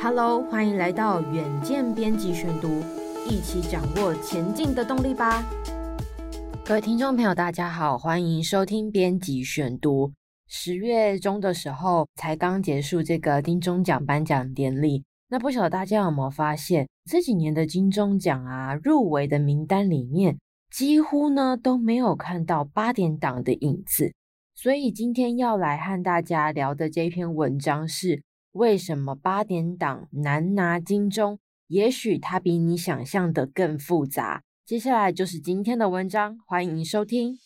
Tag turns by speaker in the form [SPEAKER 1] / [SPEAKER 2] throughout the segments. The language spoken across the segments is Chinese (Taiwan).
[SPEAKER 1] 哈嘍，歡迎來到遠見編輯選讀，一起掌握前進的動力吧。各位聽眾朋友，大家好，歡迎收聽編輯選讀。十月中的時候，才剛結束這個金鐘獎頒獎典禮。那不曉得大家有沒有發現，這幾年的金鐘獎啊，入圍的名單裡面，幾乎呢都沒有看到八點檔的影子。所以今天要來和大家聊的這篇文章是。為什麼八點檔難拿金鐘？也許它比你想象的更複雜。接下來就是今天的文章，歡迎收聽。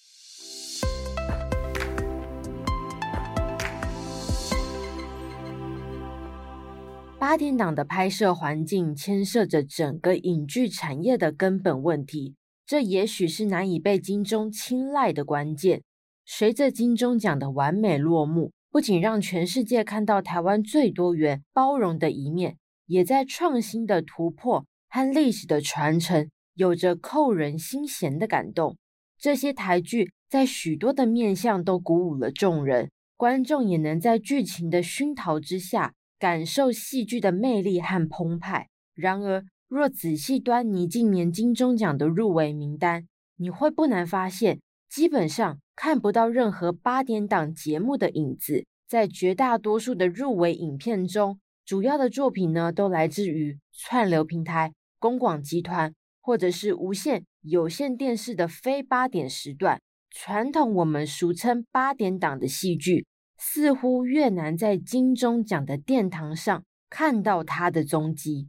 [SPEAKER 1] 八點檔的拍攝環境牽涉着整個影劇產業的根本問題，這也許是難以被金鐘青睞的關鍵。隨着金鐘獎的完美落幕。不僅讓全世界看到台灣最多元、包容的一面，也在創新的突破和歷史的傳承有着扣人心弦的感動。這些台劇在許多的面向都鼓舞了眾人，觀眾也能在劇情的熏陶之下感受戲劇的魅力和澎湃。然而，若仔細端倪近年金鐘獎的入圍名單，你會不難發現，基本上。看不到任何八點檔節目的影子，在絕大多數的入圍影片中，主要的作品呢，都來自於串流平台、公廣集團或者是無線有線電視的非八點時段。傳統我們俗稱八點檔的戲劇，似乎越難在金鐘獎的殿堂上看到它的蹤跡。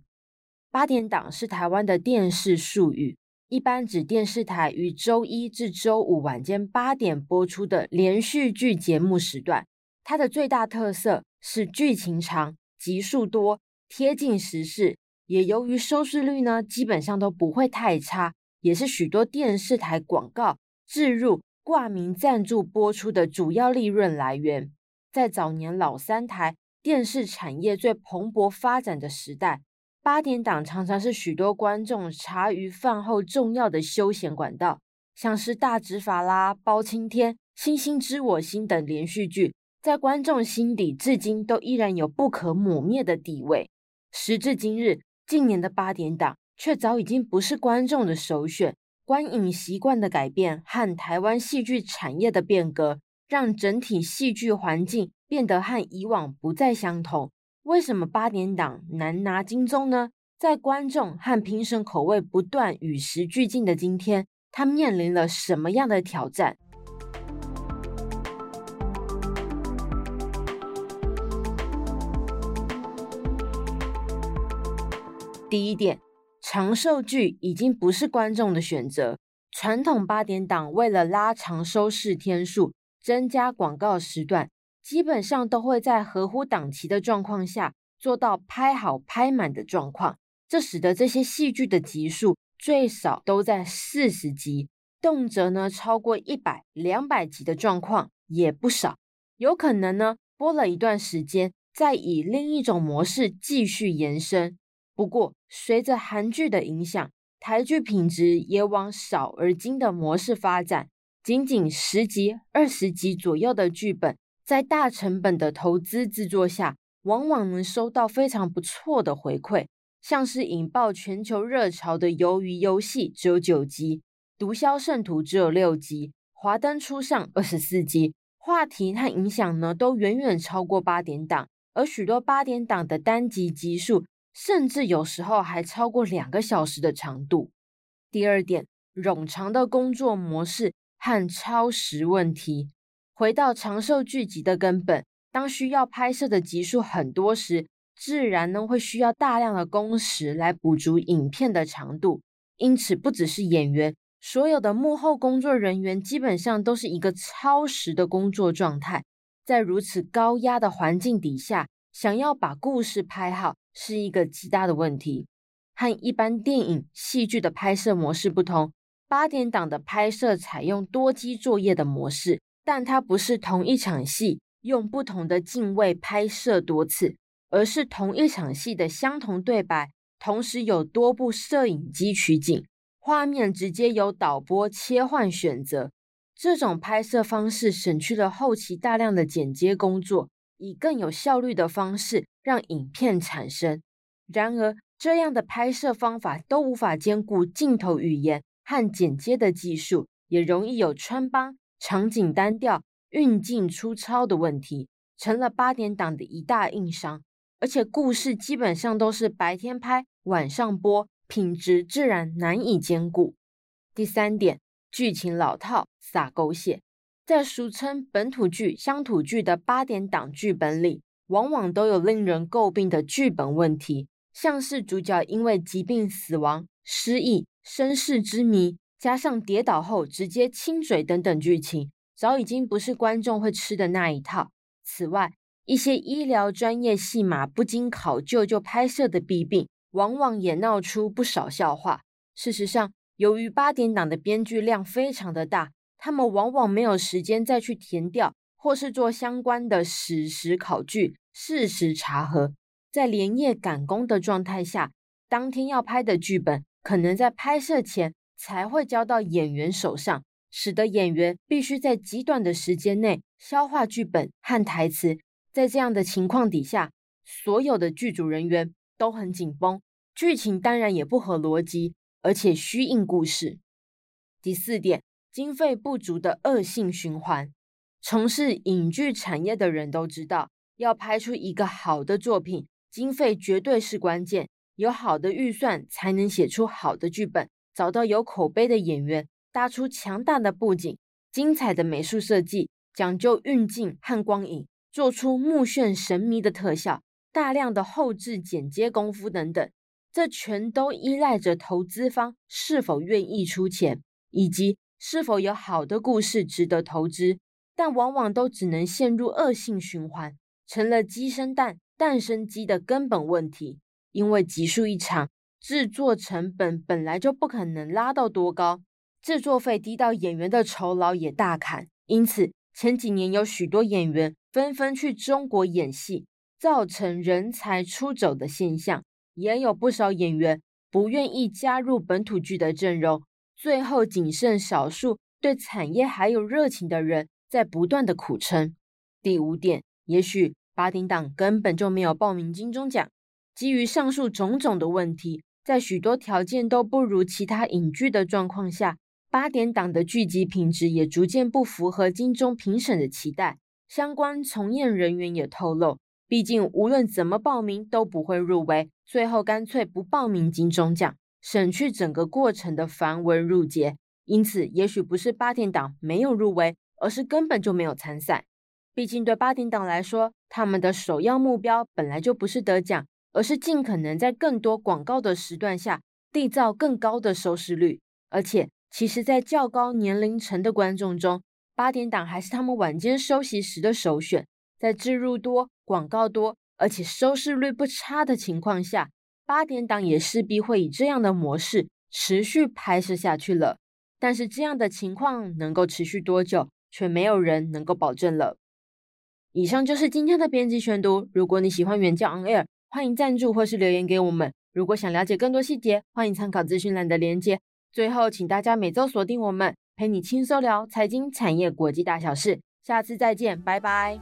[SPEAKER 1] 八點檔是台灣的電視術語。一般指電視台於週一至週五晚間八點播出的連續劇節目時段。它的最大特色是劇情長、集數多、貼近時事，也由於收視率呢，基本上都不會太差，也是許多電視台廣告置入、掛名贊助播出的主要利潤來源。在早年老三台電視產業最蓬勃發展的時代，八點檔常常是許多觀眾茶餘飯後重要的休閒管道，像是《大執法》啦、《包青天》、《星星知我心》等連續劇，在觀眾心底至今都依然有不可抹滅的地位。時至今日，近年的八點檔却早已經不是觀眾的首選。觀影習慣的改變和台灣戲劇產業的變革，讓整體戲劇環境變得和以往不再相同。為什麼八點檔難拿金鐘呢？在觀眾和評審口味不斷與時俱進的今天，它面臨了什麼樣的挑戰？第一點，長壽劇已經不是觀眾的選擇。傳統八點檔為了拉長收視天數，增加廣告時段。基本上都會在合乎檔期的狀況下做到拍好拍滿的狀況，這使得這些戲劇的集數最少都在四十集，動輒呢超過一百、兩百集的狀況也不少。有可能呢播了一段時間，再以另一種模式繼續延伸。不過隨着韓劇的影響，台劇品質也往少而精的模式發展，僅僅十集、二十集左右的劇本，在大成本的投資制作下，往往能收到非常不錯的回饋，像是引爆全球熱潮的《魷魚遊戲》只有九集，《毒梟聖徒》只有六集，《華燈初上》二十四集，話題和影響呢都遠遠超過八點檔。而許多八點檔的單集集數，甚至有時候還超過兩個小時的長度。第二點，冗長的工作模式和超時問題。回到長壽劇集的根本，當需要拍攝的集數很多時，自然呢會需要大量的工時來補足影片的長度。因此，不只是演員，所有的幕後工作人員基本上都是一個超時的工作狀態。在如此高壓的環境底下，想要把故事拍好是一個極大的問題。和一般電影、戲劇的拍攝模式不同，八點檔的拍攝採用多機作業的模式。但它不是同一場戲，用不同的鏡位拍攝多次，而是同一場戲的相同對白，同時有多部攝影機取景，畫面直接由導播切換選擇。這種拍攝方式省去了後期大量的剪接工作，以更有效率的方式讓影片產生。然而，這樣的拍攝方法都無法兼顧鏡頭語言和剪接的技術，也容易有穿幫。場景單調、運鏡粗糙的問題成了八點檔的一大硬傷，而且故事基本上都是白天拍、晚上播，品質自然難以兼顧。第三點，劇情老套、撒狗血，在俗稱本土劇、鄉土劇的八點檔劇本裡，往往都有令人詬病的劇本問題，像是主角因為疾病死亡、失憶、身世之謎。加上跌倒後直接親嘴等等劇情，早已經不是觀眾會吃的那一套。此外，一些醫療專業戲碼不經考究就拍攝的弊病，往往也鬧出不少笑話。事實上，由於八點檔的編劇量非常的大，他們往往沒有時間再去田調或是做相關的史實考據、事實查核，在連夜趕工的狀態下，當天要拍的劇本可能在拍攝前，才會交到演員手上，使得演員必須在極短的時間內消化劇本和台詞。在這樣的情況底下，所有的劇組人員都很緊繃，劇情當然也不合邏輯，而且虛應故事。第四點，經費不足的惡性循環。從事影劇產業的人都知道，要拍出一個好的作品，經費絕對是關鍵。有好的預算，才能寫出好的劇本。找到有口碑的演員，搭出強大的布景，精彩的美術設計，講究運鏡和光影，做出目眩神迷的特效，大量的後製剪接功夫等等，這全都依賴着投資方是否願意出錢，以及是否有好的故事值得投資。但往往都只能陷入惡性循環，成了雞生蛋，蛋生雞的根本問題，因為集數一長。製作成本本來就不可能拉到多高，製作費低到演員的酬勞也大砍，因此前幾年有許多演員紛紛去中國演戲，造成人才出走的現象，也有不少演員不願意加入本土劇的陣容，最後僅剩少數對產業還有熱情的人在不斷的苦撐。第五點，也許八點檔根本就沒有報名金鐘獎，基於上述種種的問題。在許多條件都不如其他影劇的狀況下，八點檔的劇集品質也逐漸不符合金鐘評審的期待。相關從業人員也透露，畢竟無論怎麼報名都不會入圍，最後乾脆不報名金鐘獎，省去整個過程的繁文縟節。因此，也許不是八點檔沒有入圍，而是根本就沒有參賽。畢竟對八點檔來說，他們的首要目標本來就不是得獎。而是盡可能在更多廣告的時段下締造更高的收視率，而且其實，在較高年齡層的觀眾中，八點檔還是他們晚間收視時的首選。在置入多、廣告多，而且收視率不差的情況下，八點檔也勢必會以這樣的模式持續拍攝下去了。但是，這樣的情況能夠持續多久，卻沒有人能夠保證了。以上就是今天的編輯選讀。如果你喜歡遠見 on air。歡迎贊助或是留言給我們。如果想了解更多細節，歡迎參考資訊欄的鏈接。最後，請大家每週鎖定我們，陪你輕鬆聊財經、產業、國際大小事。下次再見，拜拜。